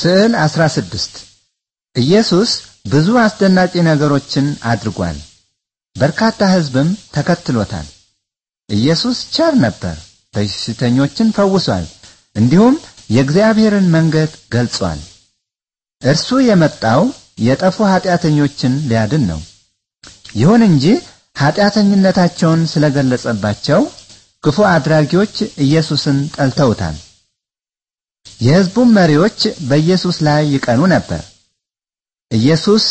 ስዕል 16 ኢየሱስ ብዙ አስደናቂ ነገሮችን አድርጓል። በርካታ ሕዝብም ተከትሎታል። ኢየሱስ ቸር ነበር፣ በሽተኞችን ፈውሷል፣ እንዲሁም የእግዚአብሔርን መንገድ ገልጿል። እርሱ የመጣው የጠፉ ኀጢአተኞችን ሊያድን ነው። ይሁን እንጂ ስለ ስለገለጸባቸው ክፉ አድራጊዎች ኢየሱስን ጠልተውታል። የሕዝቡም መሪዎች በኢየሱስ ላይ ይቀኑ ነበር። ኢየሱስ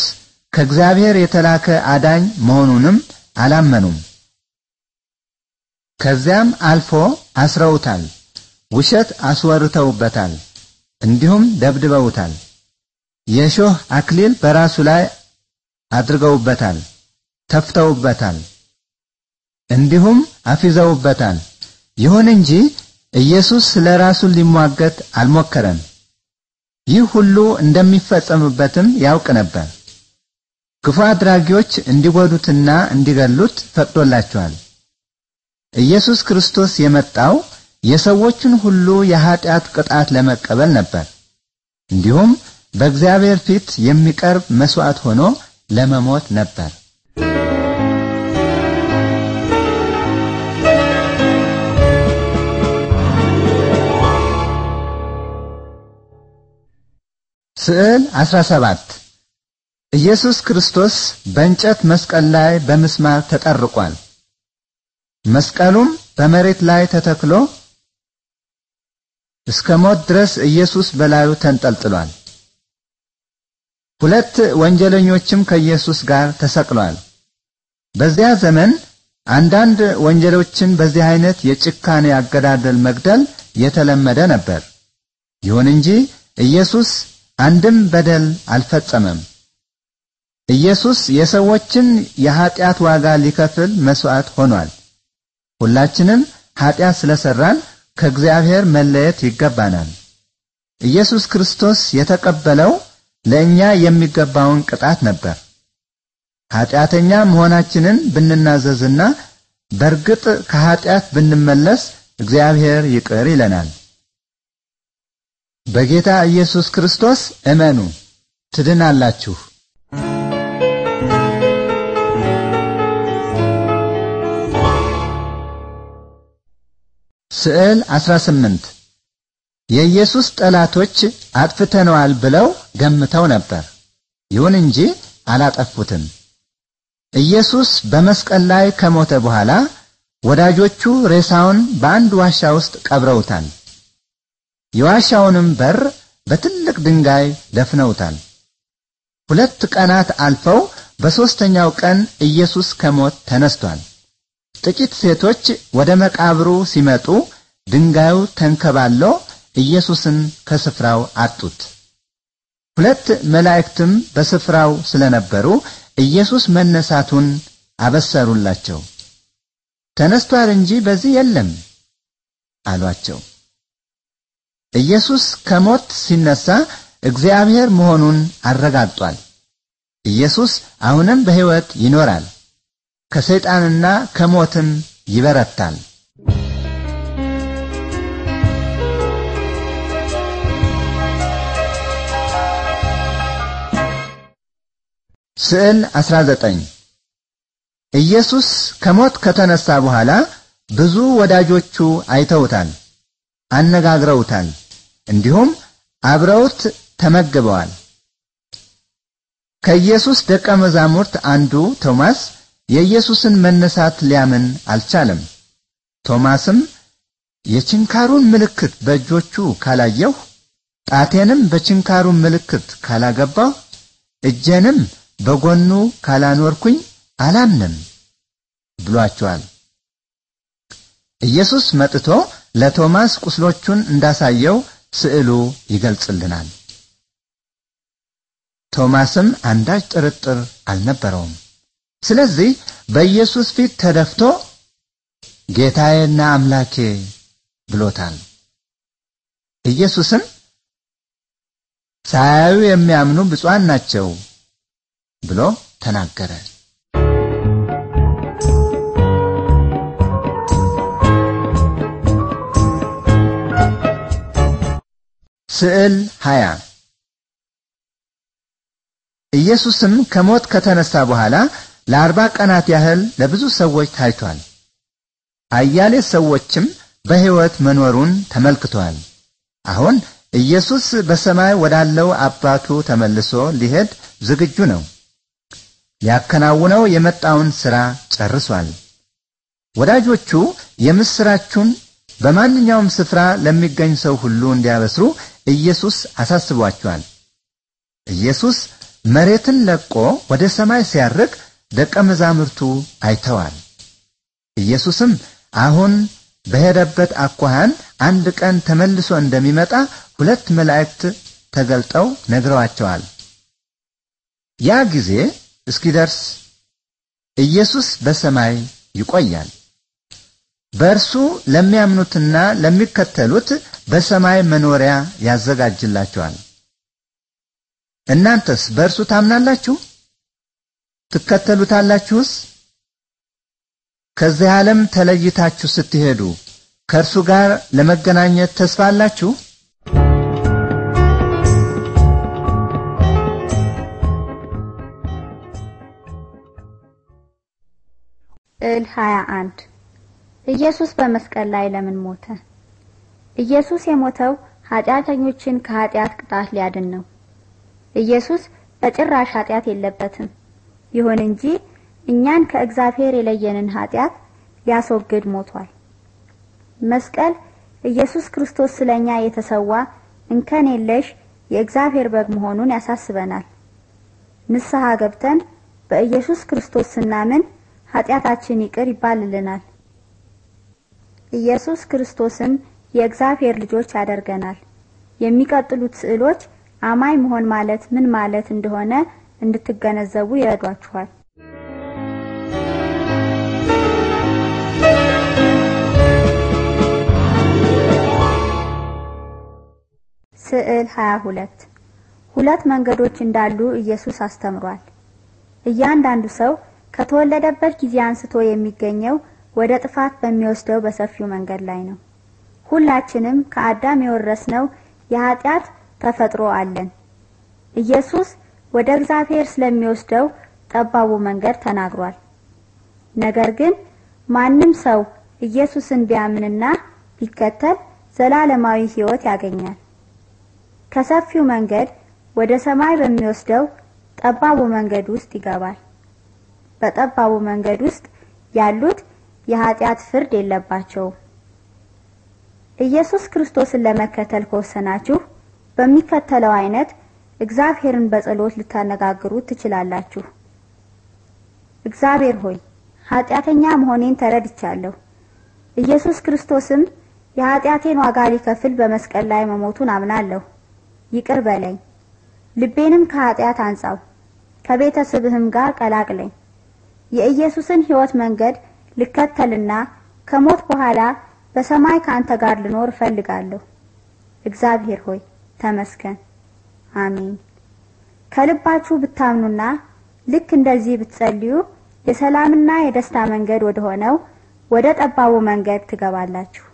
ከእግዚአብሔር የተላከ አዳኝ መሆኑንም አላመኑም። ከዚያም አልፎ አስረውታል፣ ውሸት አስወርተውበታል፣ እንዲሁም ደብድበውታል። የእሾህ አክሊል በራሱ ላይ አድርገውበታል፣ ተፍተውበታል፣ እንዲሁም አፊዘውበታል። ይሁን እንጂ ኢየሱስ ስለ ራሱ ሊሟገት አልሞከረም። ይህ ሁሉ እንደሚፈጸምበትም ያውቅ ነበር። ክፉ አድራጊዎች እንዲጎዱትና እንዲገሉት ፈቅዶላቸዋል። ኢየሱስ ክርስቶስ የመጣው የሰዎችን ሁሉ የኀጢአት ቅጣት ለመቀበል ነበር። እንዲሁም በእግዚአብሔር ፊት የሚቀርብ መሥዋዕት ሆኖ ለመሞት ነበር። ስዕል 17 ኢየሱስ ክርስቶስ በእንጨት መስቀል ላይ በምስማር ተጠርቋል። መስቀሉም በመሬት ላይ ተተክሎ እስከ ሞት ድረስ ኢየሱስ በላዩ ተንጠልጥሏል። ሁለት ወንጀለኞችም ከኢየሱስ ጋር ተሰቅለዋል። በዚያ ዘመን አንዳንድ ወንጀሎችን በዚህ አይነት የጭካኔ አገዳደል መግደል የተለመደ ነበር። ይሁን እንጂ ኢየሱስ አንድም በደል አልፈጸመም። ኢየሱስ የሰዎችን የኀጢአት ዋጋ ሊከፍል መሥዋዕት ሆኗል። ሁላችንም ኀጢአት ስለሰራን ከእግዚአብሔር መለየት ይገባናል። ኢየሱስ ክርስቶስ የተቀበለው ለእኛ የሚገባውን ቅጣት ነበር። ኀጢአተኛ መሆናችንን ብንናዘዝና በርግጥ ከኀጢአት ብንመለስ እግዚአብሔር ይቅር ይለናል። በጌታ ኢየሱስ ክርስቶስ እመኑ ትድናላችሁ። ስዕል 18 የኢየሱስ ጠላቶች አጥፍተነዋል ብለው ገምተው ነበር። ይሁን እንጂ አላጠፉትም። ኢየሱስ በመስቀል ላይ ከሞተ በኋላ ወዳጆቹ ሬሳውን በአንድ ዋሻ ውስጥ ቀብረውታል። የዋሻውንም በር በትልቅ ድንጋይ ደፍነውታል። ሁለት ቀናት አልፈው በሦስተኛው ቀን ኢየሱስ ከሞት ተነስቷል። ጥቂት ሴቶች ወደ መቃብሩ ሲመጡ ድንጋዩ ተንከባሎ ኢየሱስን ከስፍራው አጡት። ሁለት መላእክትም በስፍራው ስለነበሩ ኢየሱስ መነሳቱን አበሰሩላቸው። ተነስቷል እንጂ በዚህ የለም አሏቸው። ኢየሱስ ከሞት ሲነሳ እግዚአብሔር መሆኑን አረጋግጧል። ኢየሱስ አሁንም በሕይወት ይኖራል፣ ከሰይጣንና ከሞትም ይበረታል። ስዕል 19 ኢየሱስ ከሞት ከተነሳ በኋላ ብዙ ወዳጆቹ አይተውታል፣ አነጋግረውታል። እንዲሁም አብረውት ተመግበዋል። ከኢየሱስ ደቀ መዛሙርት አንዱ ቶማስ የኢየሱስን መነሳት ሊያምን አልቻለም። ቶማስም የችንካሩን ምልክት በእጆቹ ካላየሁ፣ ጣቴንም በችንካሩን ምልክት ካላገባሁ፣ እጄንም በጎኑ ካላኖርኩኝ አላምንም ብሏቸዋል። ኢየሱስ መጥቶ ለቶማስ ቁስሎቹን እንዳሳየው ስዕሉ ይገልጽልናል። ቶማስም አንዳች ጥርጥር አልነበረውም። ስለዚህ በኢየሱስ ፊት ተደፍቶ ጌታዬና አምላኬ ብሎታል። ኢየሱስም ሳያዩ የሚያምኑ ብፁዓን ናቸው ብሎ ተናገረ። ስዕል 20 ኢየሱስም ከሞት ከተነሳ በኋላ ለአርባ ቀናት ያህል ለብዙ ሰዎች ታይቷል። አያሌ ሰዎችም በሕይወት መኖሩን ተመልክቷል። አሁን ኢየሱስ በሰማይ ወዳለው አባቱ ተመልሶ ሊሄድ ዝግጁ ነው። ሊያከናውነው የመጣውን ሥራ ጨርሷል። ወዳጆቹ የምሥራቹን በማንኛውም ስፍራ ለሚገኝ ሰው ሁሉ እንዲያበስሩ ኢየሱስ አሳስቧቸዋል። ኢየሱስ መሬትን ለቆ ወደ ሰማይ ሲያርግ ደቀ መዛሙርቱ አይተዋል። ኢየሱስም አሁን በሄደበት አኳኋን አንድ ቀን ተመልሶ እንደሚመጣ ሁለት መላእክት ተገልጠው ነግረዋቸዋል። ያ ጊዜ እስኪደርስ ኢየሱስ በሰማይ ይቆያል። በእርሱ ለሚያምኑትና ለሚከተሉት በሰማይ መኖሪያ ያዘጋጅላቸዋል። እናንተስ በእርሱ ታምናላችሁ? ትከተሉታላችሁስ? ከዚህ ዓለም ተለይታችሁ ስትሄዱ ከእርሱ ጋር ለመገናኘት ተስፋ አላችሁ? እል 21 ኢየሱስ በመስቀል ላይ ለምን ሞተ? ኢየሱስ የሞተው ኃጢአተኞችን ከኃጢአት ቅጣት ሊያድን ነው። ኢየሱስ በጭራሽ ኃጢአት የለበትም። ይሁን እንጂ እኛን ከእግዚአብሔር የለየንን ኃጢአት ሊያስወግድ ሞቷል። መስቀል ኢየሱስ ክርስቶስ ስለኛ የተሰዋ እንከን የለሽ የእግዚአብሔር በግ መሆኑን ያሳስበናል። ንስሐ ገብተን በኢየሱስ ክርስቶስ ስናምን ኃጢአታችን ይቅር ይባልልናል። ኢየሱስ ክርስቶስን የእግዚአብሔር ልጆች ያደርገናል። የሚቀጥሉት ስዕሎች አማኝ መሆን ማለት ምን ማለት እንደሆነ እንድትገነዘቡ ይረዷችኋል። ስዕል 22 ሁለት መንገዶች እንዳሉ ኢየሱስ አስተምሯል። እያንዳንዱ ሰው ከተወለደበት ጊዜ አንስቶ የሚገኘው ወደ ጥፋት በሚወስደው በሰፊው መንገድ ላይ ነው። ሁላችንም ከአዳም የወረስነው የኃጢአት ተፈጥሮ አለን። ኢየሱስ ወደ እግዚአብሔር ስለሚወስደው ጠባቡ መንገድ ተናግሯል። ነገር ግን ማንም ሰው ኢየሱስን ቢያምንና ቢከተል ዘላለማዊ ሕይወት ያገኛል። ከሰፊው መንገድ ወደ ሰማይ በሚወስደው ጠባቡ መንገድ ውስጥ ይገባል። በጠባቡ መንገድ ውስጥ ያሉት የኃጢአት ፍርድ የለባቸውም። ኢየሱስ ክርስቶስን ለመከተል ከወሰናችሁ በሚከተለው አይነት እግዚአብሔርን በጸሎት ልታነጋግሩ ትችላላችሁ። እግዚአብሔር ሆይ ኃጢአተኛ መሆኔን ተረድቻለሁ። ኢየሱስ ክርስቶስም የኃጢአቴን ዋጋ ሊከፍል በመስቀል ላይ መሞቱን አምናለሁ። ይቅር በለኝ፣ ልቤንም ከኃጢአት አንጻው፣ ከቤተሰብህም ጋር ቀላቅለኝ። የኢየሱስን ሕይወት መንገድ ልከተልና ከሞት በኋላ በሰማይ ካንተ ጋር ልኖር እፈልጋለሁ። እግዚአብሔር ሆይ ተመስገን። አሜን። ከልባችሁ ብታምኑና ልክ እንደዚህ ብትጸልዩ የሰላምና የደስታ መንገድ ወደ ሆነው ወደ ጠባቡ መንገድ ትገባላችሁ።